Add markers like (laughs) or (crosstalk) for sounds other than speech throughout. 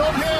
Don't hit!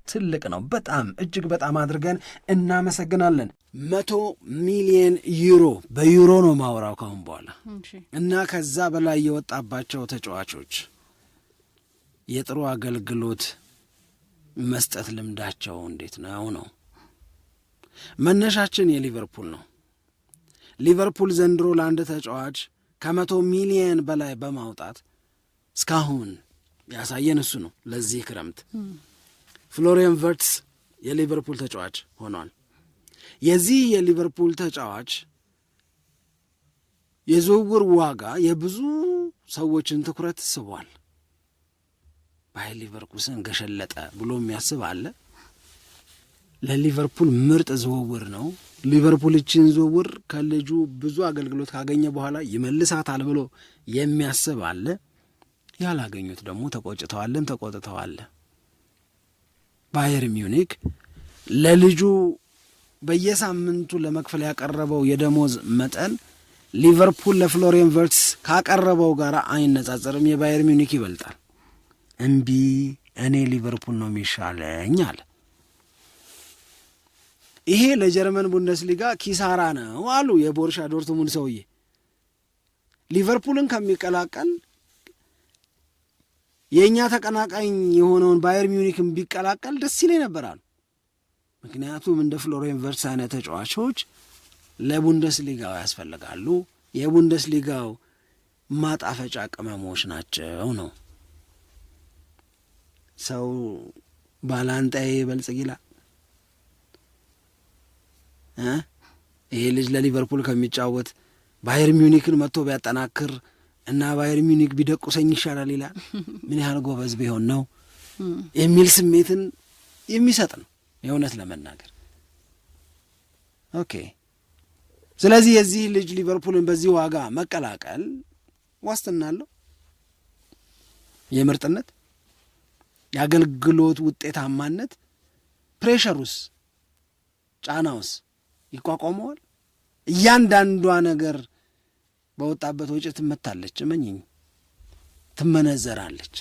ትልቅ ነው። በጣም እጅግ በጣም አድርገን እናመሰግናለን። መቶ ሚሊየን ዩሮ በዩሮ ነው ማውራው ካሁን በኋላ እና ከዛ በላይ የወጣባቸው ተጫዋቾች የጥሩ አገልግሎት መስጠት ልምዳቸው እንዴት ነው ነው መነሻችን የሊቨርፑል ነው። ሊቨርፑል ዘንድሮ ለአንድ ተጫዋች ከመቶ ሚሊየን በላይ በማውጣት እስካሁን ያሳየን እሱ ነው ለዚህ ክረምት ፍሎሪየን ቨርትስ የሊቨርፑል ተጫዋች ሆኗል። የዚህ የሊቨርፑል ተጫዋች የዝውውር ዋጋ የብዙ ሰዎችን ትኩረት ስቧል። ባይ ሊቨርኩሰን ገሸለጠ ብሎ የሚያስብ አለ። ለሊቨርፑል ምርጥ ዝውውር ነው። ሊቨርፑል እችን ዝውውር ከልጁ ብዙ አገልግሎት ካገኘ በኋላ ይመልሳታል ብሎ የሚያስብ አለ። ያላገኙት ደግሞ ተቆጭተዋለን ተቆጥተዋለ። ባየር ሚውኒክ ለልጁ በየሳምንቱ ለመክፈል ያቀረበው የደሞዝ መጠን ሊቨርፑል ለፍሎሪየን ቨርትስ ካቀረበው ጋር አይነጻጸርም። የባየር ሚዩኒክ ይበልጣል። እምቢ እኔ ሊቨርፑል ነው የሚሻለኝ አለ። ይሄ ለጀርመን ቡንደስሊጋ ኪሳራ ነው አሉ የቦርሻ ዶርትሙንድ ሰውዬ ሊቨርፑልን ከሚቀላቀል የእኛ ተቀናቃኝ የሆነውን ባየር ሚዩኒክን ቢቀላቀል ደስ ይለኝ ነበር አሉ። ምክንያቱም እንደ ፍሎሬን ቨርትዝ አይነት ተጫዋቾች ለቡንደስሊጋው ያስፈልጋሉ። የቡንደስሊጋው ማጣፈጫ ቅመሞች ናቸው ነው። ሰው ባላንጣዬ በልጽግ ይላል። ይሄ ልጅ ለሊቨርፑል ከሚጫወት ባየር ሚዩኒክን መጥቶ ቢያጠናክር እና ባየር ሚኒክ ቢደቁሰኝ ይሻላል ይላል። ምን ያህል ጎበዝ ቢሆን ነው የሚል ስሜትን የሚሰጥ ነው የእውነት ለመናገር ኦኬ። ስለዚህ የዚህ ልጅ ሊቨርፑልን በዚህ ዋጋ መቀላቀል ዋስትና አለው የምርጥነት የአገልግሎት ውጤታማነት ፕሬሸሩስ ጫናውስ ይቋቋመዋል። እያንዳንዷ ነገር በወጣበት ወጪ ትመታለች። እመኝኝ ትመነዘራለች።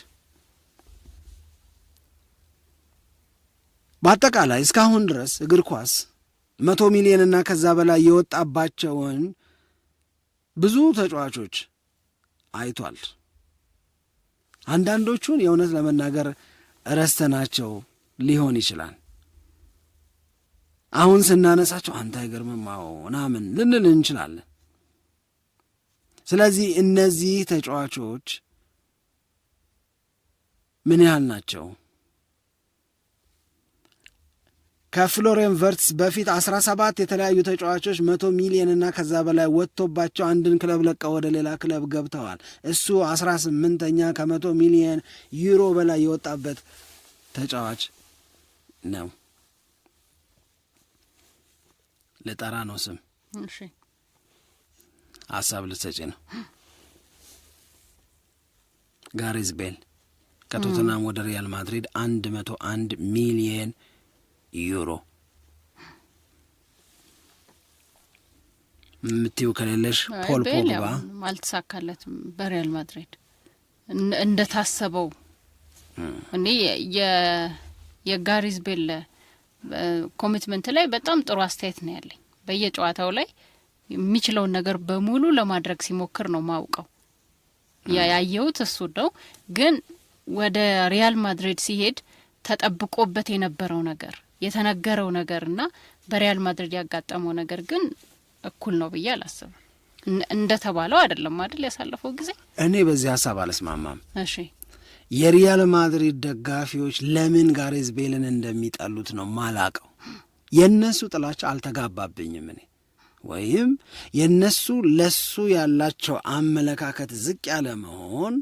በአጠቃላይ እስካሁን ድረስ እግር ኳስ መቶ ሚሊዮንና ከዛ በላይ የወጣባቸውን ብዙ ተጫዋቾች አይቷል። አንዳንዶቹን የእውነት ለመናገር ረስተናቸው ሊሆን ይችላል። አሁን ስናነሳቸው አንተ አይገርምም ምናምን ልንል እንችላለን። ስለዚህ እነዚህ ተጫዋቾች ምን ያህል ናቸው? ከፍሎሬን ቨርትስ በፊት 17 የተለያዩ ተጫዋቾች መቶ ሚሊዮን እና ከዛ በላይ ወጥቶባቸው አንድን ክለብ ለቀው ወደ ሌላ ክለብ ገብተዋል። እሱ 18ኛ ከመቶ ሚሊዮን ዩሮ በላይ የወጣበት ተጫዋች ነው። ልጠራ ነው ስም ሀሳብ ልትሰጪ ነው? ጋሬዝ ቤል ከቶተናም ወደ ሪያል ማድሪድ አንድ መቶ አንድ ሚሊየን ዩሮ የምትይው ከሌለሽ ፖል ፖግባ አልተሳካለትም በሪያል ማድሪድ እንደ ታሰበው። እኔ የጋሪዝ ቤል ኮሚትመንት ላይ በጣም ጥሩ አስተያየት ነው ያለኝ በየጨዋታው ላይ የሚችለውን ነገር በሙሉ ለማድረግ ሲሞክር ነው ማውቀው። ያየሁት እሱ ነው። ግን ወደ ሪያል ማድሪድ ሲሄድ ተጠብቆበት የነበረው ነገር የተነገረው ነገር እና በሪያል ማድሪድ ያጋጠመው ነገር ግን እኩል ነው ብዬ አላስብም። እንደተባለው አይደለም አይደል? ያሳለፈው ጊዜ እኔ በዚህ ሀሳብ አልስማማም። እሺ የሪያል ማድሪድ ደጋፊዎች ለምን ጋሬዝ ቤልን እንደሚጠሉት ነው ማላቀው። የእነሱ ጥላቻ አልተጋባብኝም እኔ ወይም የነሱ ለሱ ያላቸው አመለካከት ዝቅ ያለ መሆን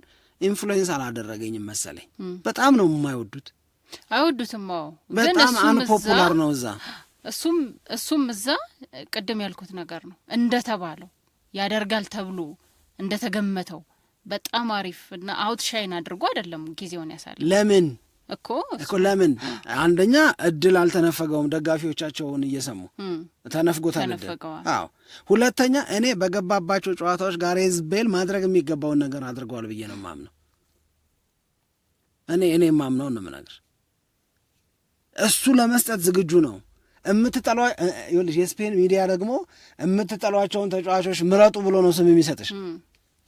ኢንፍሉዌንስ አላደረገኝም መሰለኝ። በጣም ነው የማይወዱት፣ አይወዱትም። በጣም አንፖፑላር ነው እዛ። እሱም እሱም እዛ ቅድም ያልኩት ነገር ነው እንደተባለው ያደርጋል ተብሎ እንደተገመተው በጣም አሪፍ እና አውትሻይን አድርጎ አይደለም ጊዜውን ያሳለ ለምን እኮ እኮ ለምን አንደኛ እድል አልተነፈገውም። ደጋፊዎቻቸውን እየሰሙ ተነፍጎታል እድል። አዎ ሁለተኛ እኔ በገባባቸው ጨዋታዎች ጋሬዝ ቤል ማድረግ የሚገባውን ነገር አድርገዋል ብዬ ነው የማምነው። እኔ እኔ የማምነው ነው የምነግርሽ። እሱ ለመስጠት ዝግጁ ነው። የምትጠሏ የስፔን ሚዲያ ደግሞ የምትጠሏቸውን ተጫዋቾች ምረጡ ብሎ ነው ስም የሚሰጥሽ።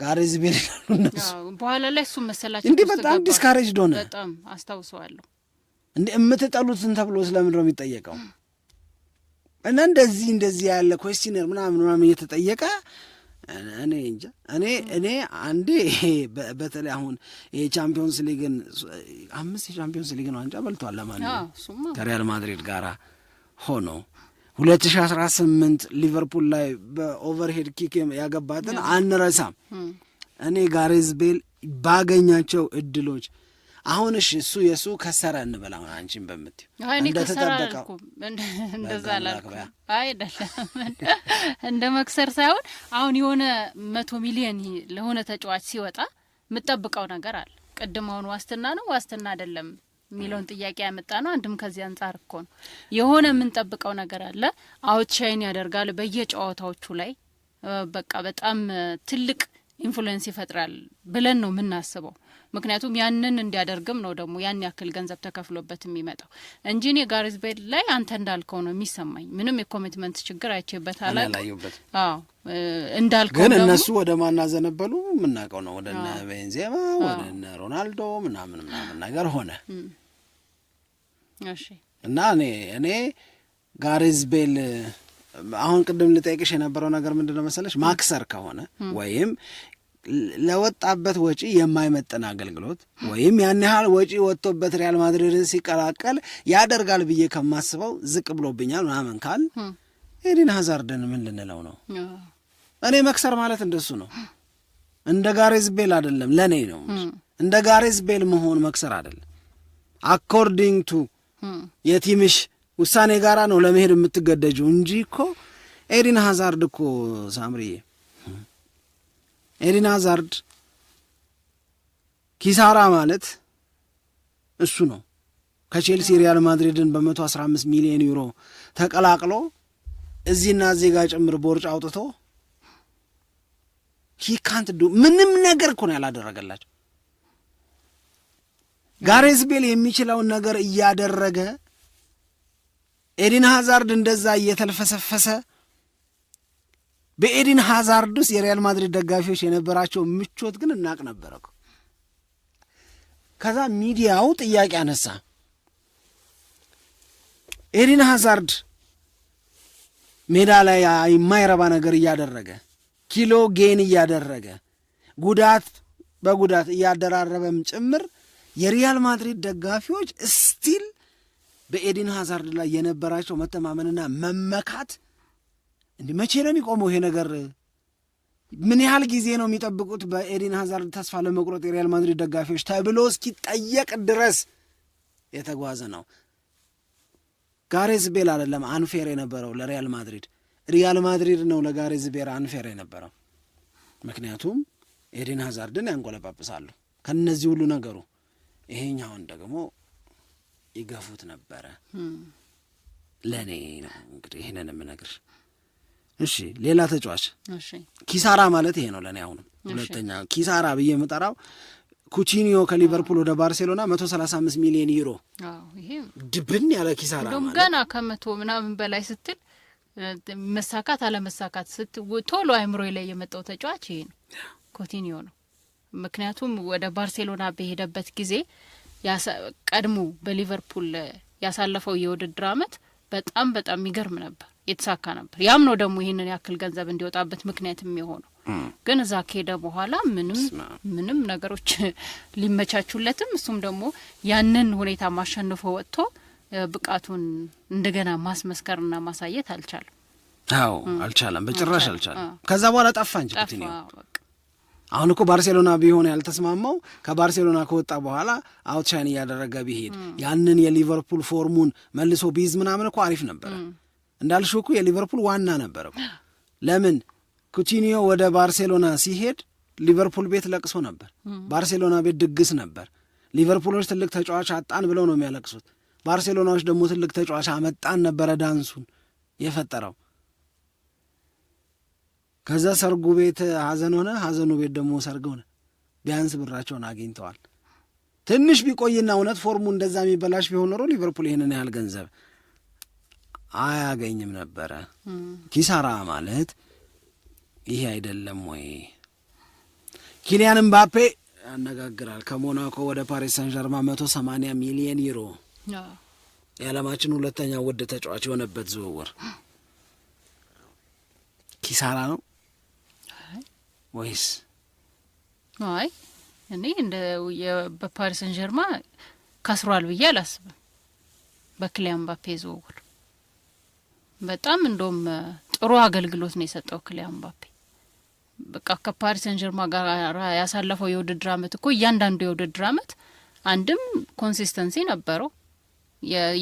ጋሬዝ ቤል ይላሉ እነሱ። በኋላ ላይ እሱ መሰላቸው እንዲህ በጣም ዲስካሬጅ ዶነ በጣም አስታውሰዋለሁ። እንዲህ የምትጠሉትን ተብሎ ስለምን ነው የሚጠየቀው? እና እንደዚህ እንደዚህ ያለ ኮስቲነር ምናምን ምናምን እየተጠየቀ እኔ እንጃ እኔ እኔ አንዴ በተለይ አሁን የቻምፒዮንስ ሊግን አምስት የቻምፒዮንስ ሊግን ዋንጫ በልቷል። ለማንኛውም ከሪያል ማድሪድ ጋራ ሆኖ 2018 ሊቨርፑል ላይ በኦቨርሄድ ኪክ ያገባትን አንረሳም። እኔ ጋሬዝ ቤል ባገኛቸው እድሎች አሁን እሺ እሱ የእሱ ከሰረ እንበል አሁን አንቺን በምትይው አላልኩም። አይደለም እንደ መክሰር ሳይሆን አሁን የሆነ መቶ ሚሊየን ለሆነ ተጫዋች ሲወጣ የምጠብቀው ነገር አለ። ቅድም አሁን ዋስትና ነው ዋስትና አይደለም የሚለውን ጥያቄ ያመጣ ነው። አንድም ከዚህ አንጻር እኮ ነው የሆነ የምንጠብቀው ነገር አለ። አውትሻይን ያደርጋል በየጨዋታዎቹ ላይ በቃ በጣም ትልቅ ኢንፍሉዌንስ ይፈጥራል ብለን ነው የምናስበው። ምክንያቱም ያንን እንዲያደርግም ነው ደግሞ ያን ያክል ገንዘብ ተከፍሎበት የሚመጣው እንጂ እኔ ቤል ላይ አንተ እንዳልከው ነው የሚሰማኝ። ምንም የኮሚትመንት ችግር አይቼበት አላላዩበት። እንዳልከው ግን እነሱ ወደ ማናዘነበሉ የምናውቀው ነው። ወደ ቤንዜማ ወደ ሮናልዶ ምናምን ምናምን ነገር ሆነ እና እኔ እኔ ጋሬዝ ቤል አሁን ቅድም ልጠይቅሽ የነበረው ነገር ምንድን ነው መሰለሽ፣ ማክሰር ከሆነ ወይም ለወጣበት ወጪ የማይመጥን አገልግሎት ወይም ያን ያህል ወጪ ወጥቶበት ሪያል ማድሪድን ሲቀላቀል ያደርጋል ብዬ ከማስበው ዝቅ ብሎብኛል ምናምን ካል ኤዲን ሀዛርድን ምን ልንለው ነው? እኔ መክሰር ማለት እንደሱ ነው። እንደ ጋሬዝ ቤል አይደለም፣ ለእኔ ነው። እንደ ጋሬዝ ቤል መሆን መክሰር አይደለም። አኮርዲንግ ቱ የቲምሽ ውሳኔ ጋራ ነው ለመሄድ የምትገደጁ እንጂ እኮ ኤዲን ሀዛርድ እኮ ሳምሪዬ ኤደን ሃዛርድ ኪሳራ ማለት እሱ ነው። ከቼልሲ ሪያል ማድሪድን በ115 ሚሊዮን ዩሮ ተቀላቅሎ እዚህና እዚህ ጋር ጭምር ቦርጭ አውጥቶ ሂካንት ዱ ምንም ነገር እኮ ነው ያላደረገላቸው። ጋሬስ ቤል የሚችለውን ነገር እያደረገ ኤዲን ሃዛርድ እንደዛ እየተልፈሰፈሰ በኤዲን ሃዛርድ ውስጥ የሪያል ማድሪድ ደጋፊዎች የነበራቸው ምቾት ግን እናቅ ነበረ። ከዛ ሚዲያው ጥያቄ አነሳ። ኤዲን ሃዛርድ ሜዳ ላይ የማይረባ ነገር እያደረገ ኪሎ ጌን እያደረገ ጉዳት በጉዳት እያደራረበም ጭምር የሪያል ማድሪድ ደጋፊዎች ስቲል በኤዲን ሃዛርድ ላይ የነበራቸው መተማመንና መመካት እንዲህ መቼ ነው የሚቆመው ይሄ ነገር? ምን ያህል ጊዜ ነው የሚጠብቁት በኤዲን ሀዛርድ ተስፋ ለመቁረጥ የሪያል ማድሪድ ደጋፊዎች ተብሎ እስኪጠየቅ ድረስ የተጓዘ ነው። ጋሬዝ ቤል አይደለም አንፌር የነበረው ለሪያል ማድሪድ፣ ሪያል ማድሪድ ነው ለጋሬዝ ቤል አንፌር የነበረው። ምክንያቱም ኤዲን ሀዛርድን ያንቆለጳጵሳሉ ከነዚህ ሁሉ ነገሩ። ይሄኛውን ደግሞ ይገፉት ነበረ። ለእኔ ነው እንግዲህ ይህንን የምነግር እሺ ሌላ ተጫዋች ኪሳራ ማለት ይሄ ነው ለእኔ። አሁንም ሁለተኛ ኪሳራ ብዬ የምጠራው ኩቺኒዮ ከሊቨርፑል ወደ ባርሴሎና መቶ ሰላሳ አምስት ሚሊዮን ዩሮ ድብን ያለ ኪሳራ ማለት ገና ከመቶ ምናምን በላይ ስትል መሳካት አለመሳካት ስት ቶሎ አይምሮ ላይ የመጣው ተጫዋች ይሄ ነው ኮቲኒዮ ነው። ምክንያቱም ወደ ባርሴሎና በሄደበት ጊዜ ቀድሞ በሊቨርፑል ያሳለፈው የውድድር አመት በጣም በጣም ይገርም ነበር። የተሳካ ነበር። ያም ነው ደግሞ ይህንን ያክል ገንዘብ እንዲወጣበት ምክንያት የሚሆነው። ግን እዛ ከሄደ በኋላ ምንም ምንም ነገሮች (laughs) ሊመቻቹለትም እሱም ደግሞ ያንን ሁኔታ ማሸንፎ ወጥቶ ብቃቱን እንደገና ማስመስከርና ማሳየት አልቻለም። አዎ አልቻለም፣ በጭራሽ አልቻለም። ከዛ በኋላ ጠፋ እንጂ ኩቲኒዮ አሁን እኮ ባርሴሎና ቢሆን ያልተስማማው ከባርሴሎና ከወጣ በኋላ አውትሻይን እያደረገ ቢሄድ ያንን የሊቨርፑል ፎርሙን መልሶ ቢይዝ ምናምን እኮ አሪፍ ነበረ። እንዳልሽው እኮ የሊቨርፑል ዋና ነበር። ለምን ኩቲኒዮ ወደ ባርሴሎና ሲሄድ ሊቨርፑል ቤት ለቅሶ ነበር፣ ባርሴሎና ቤት ድግስ ነበር። ሊቨርፑሎች ትልቅ ተጫዋች አጣን ብለው ነው የሚያለቅሱት። ባርሴሎናዎች ደግሞ ትልቅ ተጫዋች አመጣን ነበረ ዳንሱን የፈጠረው። ከዛ ሰርጉ ቤት ሀዘን ሆነ፣ ሀዘኑ ቤት ደግሞ ሰርግ ሆነ። ቢያንስ ብራቸውን አግኝተዋል። ትንሽ ቢቆይና እውነት ፎርሙ እንደዛ የሚበላሽ ቢሆን ኖሮ ሊቨርፑል ይህንን ያህል ገንዘብ አያገኝም ነበረ። ኪሳራ ማለት ይሄ አይደለም ወይ? ኪሊያን ምባፔ ያነጋግራል። ከሞናኮ ወደ ፓሪስ ሳን ዠርማ መቶ ሰማንያ ሚሊየን ዩሮ የዓለማችን ሁለተኛ ውድ ተጫዋች የሆነበት ዝውውር ኪሳራ ነው ወይስ? አይ እኔ እንደ በፓሪስ ሳን ዠርማ ከስሯል ብዬ አላስብም በክሊያን ምባፔ ዝውውር በጣም እንደውም ጥሩ አገልግሎት ነው የሰጠው ክሊያን ምባፔ። በቃ ከፓሪስ ሰን ጀርማ ጋር ያሳለፈው የውድድር አመት እኮ እያንዳንዱ የውድድር አመት አንድም ኮንሲስተንሲ ነበረው፣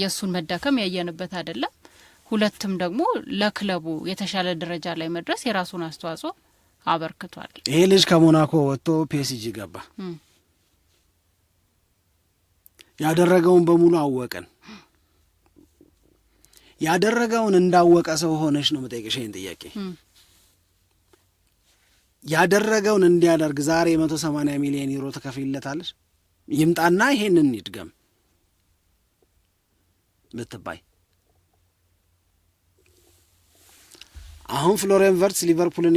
የእሱን መዳከም ያየንበት አይደለም። ሁለትም ደግሞ ለክለቡ የተሻለ ደረጃ ላይ መድረስ የራሱን አስተዋጽኦ አበርክቷል። ይሄ ልጅ ከሞናኮ ወጥቶ ፒኤስጂ ገባ። ያደረገውን በሙሉ አወቅን። ያደረገውን እንዳወቀ ሰው ሆነሽ ነው መጠየቅሽ። ይህን ጥያቄ ያደረገውን እንዲያደርግ ዛሬ የመቶ ሰማንያ ሚሊዮን ዩሮ ተከፍይለታለሽ። ይምጣና ይሄንን ይድገም ብትባይ አሁን ፍሎሬን ቨርትስ ሊቨርፑልን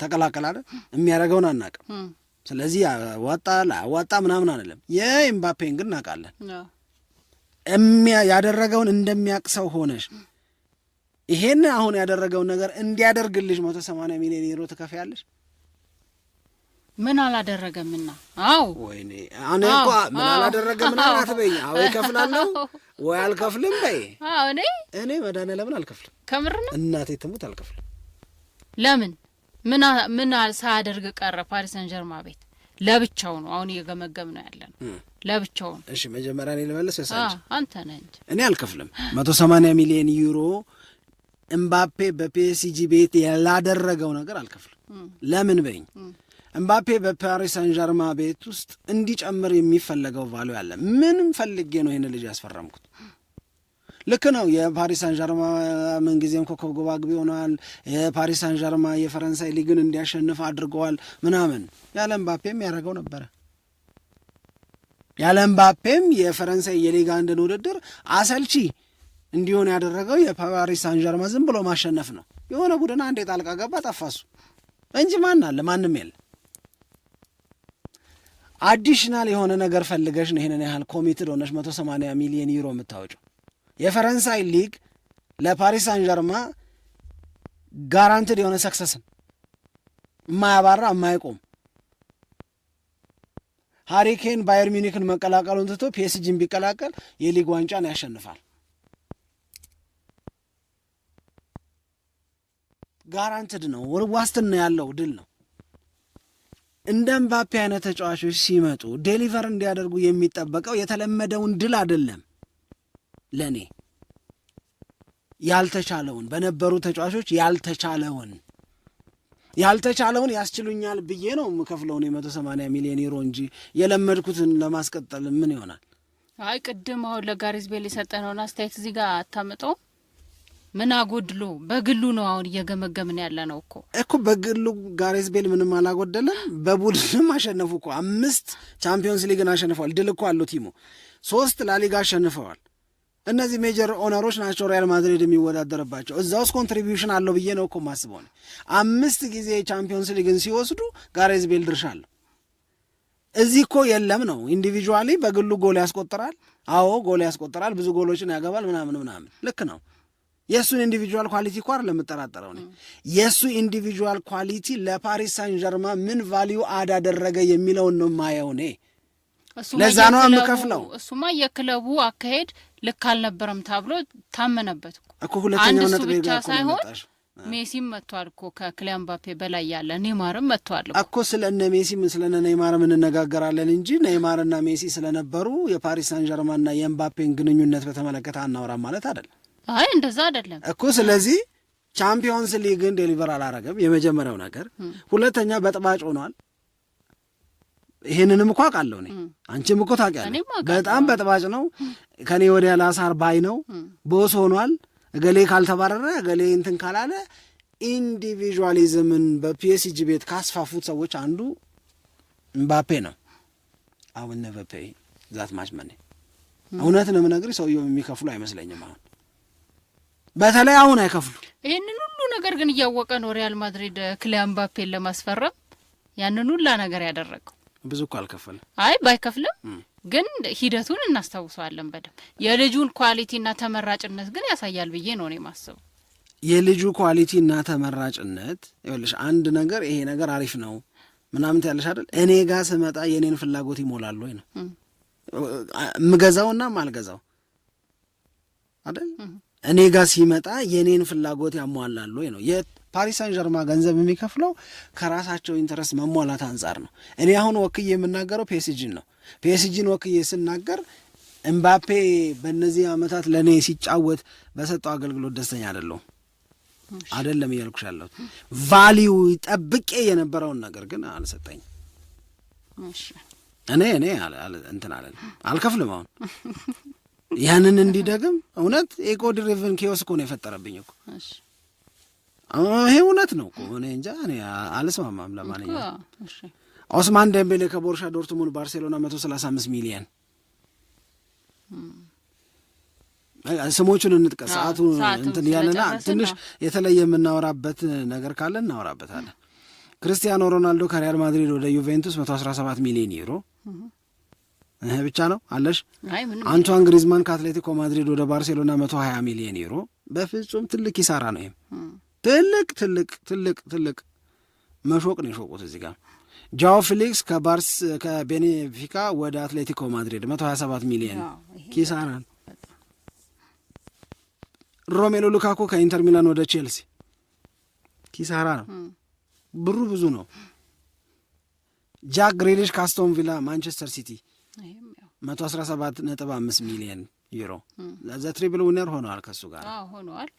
ተቀላቀላለ የሚያደርገውን አናውቅም። ስለዚህ አዋጣ ላያዋጣ ምናምን አንለም። የኤምባፔን ግን እናውቃለን። ያደረገውን እንደሚያውቅ ሰው ሆነሽ ይሄን አሁን ያደረገውን ነገር እንዲያደርግልሽ መቶ ሰማንያ ሚሊዮን ዩሮ ትከፍያለሽ። ምን አላደረገምና? አዎ ወይኔ እኔ እኮ ምን አላደረገምና አትበኝ። አዎ ይከፍላለሁ ወይ አልከፍልም በይ። እኔ እኔ መድኃኒዓለምን አልከፍልም። ከምር ነው እናቴ ትሙት አልከፍልም። ለምን ምን ምን ሳያደርግ ቀረ ፓሪስ ሰን ጀርማ ቤት ለብቻው ነው አሁን እየገመገም ነው ያለ ነው ለብቻው ነው። እሺ መጀመሪያ እኔ ልመለስ ወይስ አንተ ነህ? እንጂ እኔ አልከፍልም። መቶ ሰማንያ ሚሊዮን ዩሮ እምባፔ በፒኤስጂ ቤት ያላደረገው ነገር አልከፍልም። ለምን በኝ እምባፔ በፓሪስ ሳን ሳንዣርማ ቤት ውስጥ እንዲጨምር የሚፈለገው ቫሉ ያለ ምንም ፈልጌ ነው ይህን ልጅ ያስፈረምኩት ልክ ነው። የፓሪስ ሳንጀርማ ምንጊዜም ኮከብ ግብ አግቢ ሆነዋል። የፓሪስ ሳንጀርማ የፈረንሳይ ሊግን እንዲያሸንፍ አድርገዋል ምናምን ያለ ምባፔም ያደረገው ነበረ። ያለ ምባፔም የፈረንሳይ የሊግ አንድን ውድድር አሰልቺ እንዲሆን ያደረገው የፓሪስ ሳንጀርማ ዝም ብሎ ማሸነፍ ነው። የሆነ ቡድን አንድ የጣልቃ ገባ ጠፋሱ እንጂ ማን አለ? ማንም የለ። አዲሽናል የሆነ ነገር ፈልገሽ ነው ይህንን ያህል ኮሚትድ ሆነሽ መቶ ሰማንያ ሚሊዮን ዩሮ የምታወጪው። የፈረንሳይ ሊግ ለፓሪስ አንጀርማ ጋራንትድ የሆነ ሰክሰስን የማያባራ የማይቆም ሃሪኬን ባየር ሚኒክን መቀላቀሉን ትቶ ፒኤስጂን ቢቀላቀል የሊግ ዋንጫን ያሸንፋል። ጋራንትድ ነው፣ ዋስትና ያለው ድል ነው። እንደ ምባፔ አይነት ተጫዋቾች ሲመጡ ዴሊቨር እንዲያደርጉ የሚጠበቀው የተለመደውን ድል አይደለም። ለእኔ ያልተቻለውን በነበሩ ተጫዋቾች ያልተቻለውን ያልተቻለውን ያስችሉኛል ብዬ ነው የምከፍለውን የመቶ ሰማንያ ሚሊዮን ዩሮ እንጂ የለመድኩትን ለማስቀጠል ምን ይሆናል? አይ ቅድም አሁን ለጋሪዝ ቤል የሰጠነውን አስተያየት እዚህ ጋር አታምጠው። ምን አጎድሎ በግሉ ነው አሁን እየገመገምን ያለ ነው እኮ እኮ በግሉ ጋሬዝ ቤል ምንም አላጎደለም። በቡድንም አሸነፉ እኮ አምስት ቻምፒዮንስ ሊግን አሸንፈዋል። ድል እኮ አሉ ቲሙ ሶስት ላሊጋ አሸንፈዋል። እነዚህ ሜጀር ኦነሮች ናቸው ሪያል ማድሪድ የሚወዳደርባቸው። እዛ ውስጥ ኮንትሪቢዩሽን አለው ብዬ ነው እኮ ማስበው። አምስት ጊዜ ቻምፒዮንስ ሊግን ሲወስዱ ጋሬዝ ቤል ድርሻ አለው። እዚህ እኮ የለም ነው። ኢንዲቪጁዋሊ በግሉ ጎል ያስቆጥራል። አዎ ጎል ያስቆጥራል፣ ብዙ ጎሎችን ያገባል፣ ምናምን ምናምን፣ ልክ ነው። የእሱን ኢንዲቪጁዋል ኳሊቲ እኮ አይደለም የምጠራጠረው። የእሱ ኢንዲቪጁዋል ኳሊቲ ለፓሪስ ሳን ጀርማ ምን ቫሊዩ አዳደረገ የሚለውን ነው ማየው እኔ ለዛ ነው የምከፍለው። እሱማ የክለቡ አካሄድ ልክ አልነበረም ተብሎ ታመነበት እኮ ሁለተኛው ነጥብ ብቻ ሳይሆን ሜሲም መጥቷል እኮ ከክሊያን ምባፔ በላይ ያለ ኔይማርም መጥቷል እኮ። ስለ እነ ሜሲም ስለ እነ ኔይማርም እንነጋገራለን እንጂ ኔይማርና ሜሲ ስለነበሩ የፓሪስ ሳን ጀርማንና የምባፔን ግንኙነት በተመለከተ አናውራም ማለት አይደለም። አይ እንደዛ አይደለም እኮ። ስለዚህ ቻምፒዮንስ ሊግን ዴሊቨር አላረገም፣ የመጀመሪያው ነገር። ሁለተኛ በጥባጭ ሆኗል። ይሄንንም እኮ አውቃለሁ እኔ፣ አንቺም እኮ ታውቂያለሽ። በጣም በጥባጭ ነው፣ ከኔ ወደ ላሳር ባይ ነው፣ ቦስ ሆኗል። እገሌ ካልተባረረ እገሌ እንትን ካላለ ኢንዲቪዥዋሊዝምን በፒኤስጂ ቤት ካስፋፉት ሰዎች አንዱ ምባፔ ነው። አሁን ነበፔ ዛት ማች መኔ እውነት ነው የምነግርሽ፣ ሰውየው የሚከፍሉ አይመስለኝም። አሁን በተለይ አሁን አይከፍሉ። ይህንን ሁሉ ነገር ግን እያወቀ ነው ሪያል ማድሪድ ክሊያን እምባፔን ለማስፈረም ያንን ሁላ ነገር ያደረገው። ብዙ እኮ አልከፈልም። አይ ባይከፍልም ግን ሂደቱን እናስታውሰዋለን በደንብ የልጁን ኳሊቲና ተመራጭነት ግን ያሳያል ብዬ ነው እኔ የማስበው። የልጁ ኳሊቲና ተመራጭነት ይኸውልሽ፣ አንድ ነገር ይሄ ነገር አሪፍ ነው ምናምን ያለሽ አይደል? እኔ ጋ ስመጣ የእኔን ፍላጎት ይሞላሉ ወይ ነው የምገዛውና ማልገዛው አይደል? እኔ ጋ ሲመጣ የእኔን ፍላጎት ያሟላሉ ወይ ነው ፓሪስ ሳን ዠርማ ገንዘብ የሚከፍለው ከራሳቸው ኢንተረስት መሟላት አንጻር ነው። እኔ አሁን ወክዬ የምናገረው ፒኤስጂን ነው። ፒኤስጂን ወክዬ ስናገር ኤምባፔ በእነዚህ ዓመታት ለእኔ ሲጫወት በሰጠው አገልግሎት ደስተኛ አይደለሁም አይደለም እያልኩሽ ያለሁት ቫሊው ጠብቄ የነበረውን ነገር ግን አልሰጠኝ። እኔ እኔ እንትን አለ አልከፍልም። አሁን ያንን እንዲደግም እውነት ኤኮ ድሪቭን ኪዮስኮ ነው የፈጠረብኝ እኮ ይሄ እውነት ነው። እኔ እንጃ እኔ አልስማማም። ለማንኛውም ኦስማን ደምቤሌ ከቦርሻ ዶርትሙንድ ባርሴሎና መቶ ሰላሳ አምስት ሚሊየን ስሞቹን እንጥቀስ። ሰዓቱ እንትን እያለና ትንሽ የተለየ የምናወራበት ነገር ካለ እናወራበታለን። ክርስቲያኖ ሮናልዶ ከሪያል ማድሪድ ወደ ዩቬንቱስ መቶ አስራ ሰባት ሚሊዮን ዩሮ ይህ ብቻ ነው አለሽ። አንቷን ግሪዝማን ከአትሌቲኮ ማድሪድ ወደ ባርሴሎና መቶ ሀያ ሚሊዮን ዩሮ። በፍጹም ትልቅ ኪሳራ ነው ይህም ትልቅ ትልቅ ትልቅ ትልቅ መሾቅ ነው የሾቁት እዚህ ጋር ጃው ፊሊክስ ከባርስ ከቤኔፊካ ወደ አትሌቲኮ ማድሪድ መቶ ሀያ ሰባት ሚሊየን ኪሳራ ሮሜሎ ሉካኮ ከኢንተር ሚላን ወደ ቼልሲ ኪሳራ ነው። ብሩ ብዙ ነው። ጃክ ግሪሊሽ ካስቶን ቪላ ማንቸስተር ሲቲ መቶ አስራ ሰባት ነጥብ አምስት ሚሊየን ዩሮ ዘ ትሪብል ዊነር ሆነዋል ከሱ ጋር ሆነዋል።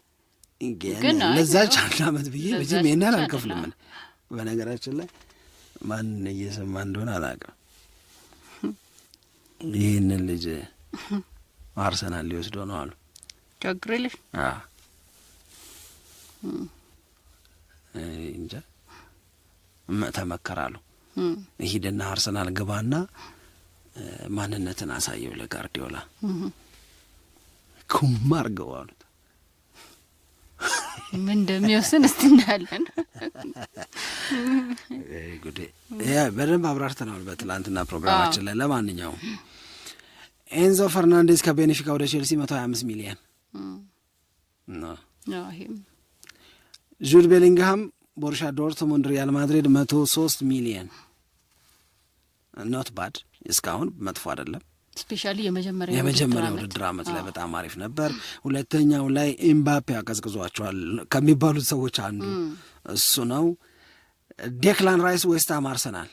ግን ለዛች አንድ ዓመት ብዬ መቼም ይህን አልከፍልም። በነገራችን ላይ ማን እየሰማ እንደሆነ አላውቅም። ይህንን ልጅ አርሰናል ሊወስዶ ነው አሉ ቸግሬልሽ እንጃ ተመከራሉ። ሂድና አርሰናል ግባና ማንነትን አሳየው ለጋርዲዮላ ኩማ አርገዋሉ ምን እንደሚወስን እስቲ እናያለን። በደንብ አብራርተናል በትላንትና ፕሮግራማችን ላይ። ለማንኛውም ኤንዞ ፈርናንዴዝ ከቤኔፊካ ወደ ቼልሲ መቶ ሀያ አምስት ሚሊየን ጁድ ቤሊንግሃም ቦሩሻ ዶርትሙንድ ሪያል ማድሪድ መቶ ሶስት ሚሊየን ኖት ባድ። እስካሁን መጥፎ አይደለም። ስፔሻሊ የመጀመሪያ የመጀመሪያ ውድድር አመት ላይ በጣም አሪፍ ነበር። ሁለተኛው ላይ ኤምባፔ አቀዝቅዟቸዋል ከሚባሉት ሰዎች አንዱ እሱ ነው። ዴክላን ራይስ ዌስትሃም አርሰናል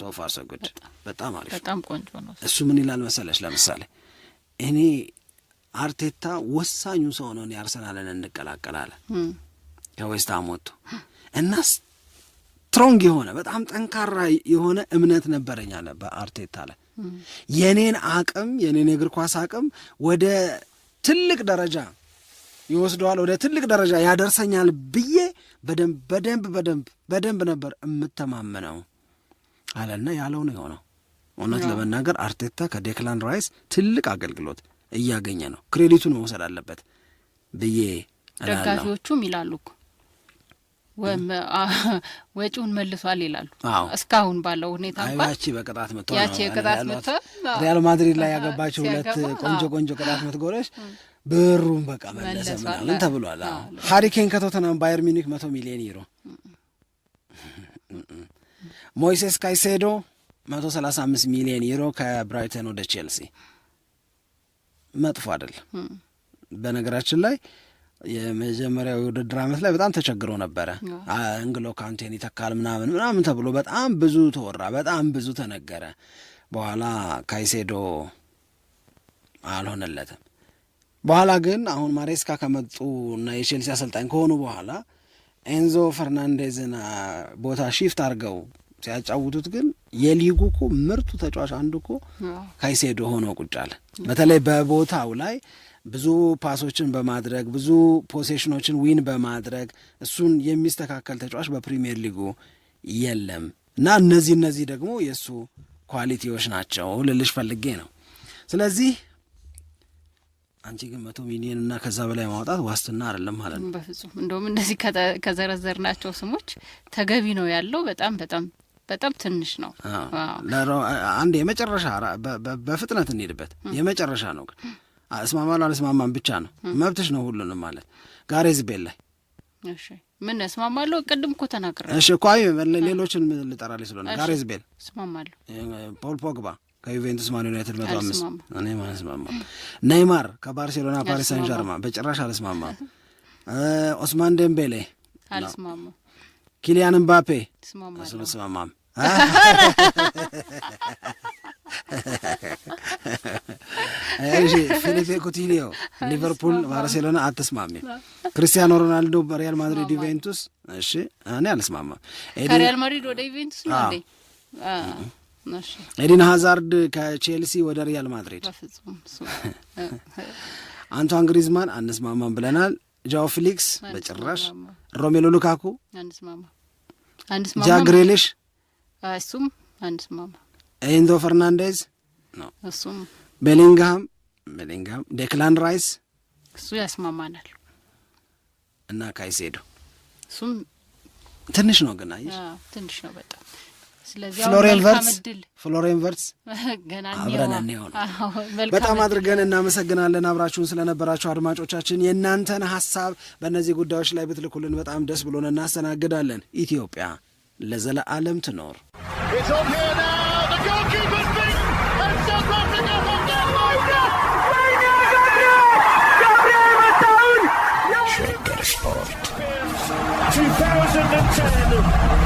ሶፋር ጉድ በጣም አሪፍ በጣም ቆንጆ ነው። እሱ ምን ይላል መሰለች ለምሳሌ እኔ አርቴታ ወሳኙ ሰው ነው አርሰናልን እንቀላቀላለ ከዌስትሃም ወጥቶ እና ስትሮንግ የሆነ በጣም ጠንካራ የሆነ እምነት ነበረኝ አለ በአርቴታ ላይ የኔን አቅም የኔን የእግር ኳስ አቅም ወደ ትልቅ ደረጃ ይወስደዋል፣ ወደ ትልቅ ደረጃ ያደርሰኛል ብዬ በደንብ በደንብ በደንብ በደንብ ነበር የምተማመነው አለና ያለው ነው የሆነው። እውነት ለመናገር አርቴታ ከዴክላን ራይስ ትልቅ አገልግሎት እያገኘ ነው፣ ክሬዲቱን መውሰድ አለበት ብዬ ደጋፊዎቹም ይላሉ ወጪውን መልሷል ይላሉ። እስካሁን ባለው ሁኔታ ያቺ በቅጣት ምት ያቺ የቅጣት ምት ሪያል ማድሪድ ላይ ያገባቸው ሁለት ቆንጆ ቆንጆ ቅጣት ምት ጎሎች ብሩን በቃ መለሰ ምናምን ተብሏል። ሀሪኬን ከቶተናም ባየር ሚኒክ መቶ ሚሊዮን ዩሮ (laughs) ሞይሴስ ካይሴዶ መቶ ሰላሳ አምስት ሚሊዮን ዩሮ ከብራይተን ወደ ቼልሲ መጥፎ አይደለም። በነገራችን ላይ የመጀመሪያው የውድድር ዓመት ላይ በጣም ተቸግሮ ነበረ። እንግሎ ካንቴን ይተካል ምናምን ምናምን ተብሎ በጣም ብዙ ተወራ፣ በጣም ብዙ ተነገረ። በኋላ ካይሴዶ አልሆነለትም። በኋላ ግን አሁን ማሬስካ ከመጡ እና የቼልሲ አሰልጣኝ ከሆኑ በኋላ ኤንዞ ፈርናንዴዝን ቦታ ሺፍት አድርገው ሲያጫውቱት ግን የሊጉ እኮ ምርጡ ተጫዋች አንዱ እኮ ካይሴዶ ሆኖ ቁጫል በተለይ በቦታው ላይ ብዙ ፓሶችን በማድረግ ብዙ ፖሴሽኖችን ዊን በማድረግ እሱን የሚስተካከል ተጫዋች በፕሪሚየር ሊጉ የለም እና እነዚህ እነዚህ ደግሞ የእሱ ኳሊቲዎች ናቸው ልልሽ ፈልጌ ነው። ስለዚህ አንቺ ግን መቶ ሚሊዮን እና ከዛ በላይ ማውጣት ዋስትና አይደለም ማለት ነው። በፍጹም እንደውም እነዚህ ከዘረዘር ናቸው ስሞች ተገቢ ነው ያለው በጣም በጣም በጣም ትንሽ ነው። አንድ የመጨረሻ በፍጥነት እንሄድበት የመጨረሻ ነው ግን አስማማን አልስማማን ብቻ ነው መብትሽ ነው ሁሉንም ማለት ጋሬዝ ቤል ላይ ምን እስማማለሁ ቅድም እኮ ተናግረ እሺ እኮ አይ ሌሎችን ልጠራልኝ ስለሆነ ጋሬዝ ቤል እስማማለሁ ፖል ፖግባ ከዩቬንቱስ ማን ዩናይትድ መቶ አምስት እኔ አልስማማ ነይማር ከባርሴሎና ፓሪስ ሳን ዣርማ በጭራሽ አልስማማ ኦስማን ደምቤሌ አልስማማ ኪሊያን ምባፔ ስማማ አልስማማም (laughs) (laughs) እሺ ፊሊፔ ኩቲኒዮ ሊቨርፑል ባርሴሎና አትስማሚ። ክርስቲያኖ ሮናልዶ በሪያል ማድሪድ ዩቬንቱስ። እሺ እኔ አልስማማም። ከሪያል ማድሪድ ወደ ዩቬንቱስ ነው እንዴ? ኤዲን ሀዛርድ ከቼልሲ ወደ ሪያል ማድሪድ። (laughs) አንቷን ግሪዝማን አንስማማም ብለናል። ጃኦ ፊሊክስ በጭራሽ። ሮሜሎ ሉካኩ አንስማማ። ጃክ ግሬሊሽ እሱም አንስማማ ኤንዞ ፈርናንዴዝ ነው። እሱም ቤሊንግሃም ቤሊንግሃም፣ ዴክላን ራይስ እሱ ያስማማናል እና ካይሴዶ እሱም ትንሽ ነው ግን አየሽ፣ ትንሽ ነው በጣም ፍሎሬን ቨርትስ (laughs) አብረን እንየው። በጣም አድርገን እናመሰግናለን አብራችሁን ስለነበራችሁ አድማጮቻችን። የእናንተን ሀሳብ በእነዚህ ጉዳዮች ላይ ብትልኩልን በጣም ደስ ብሎን እናስተናግዳለን። ኢትዮጵያ ለዘለዓለም ትኖር። 2010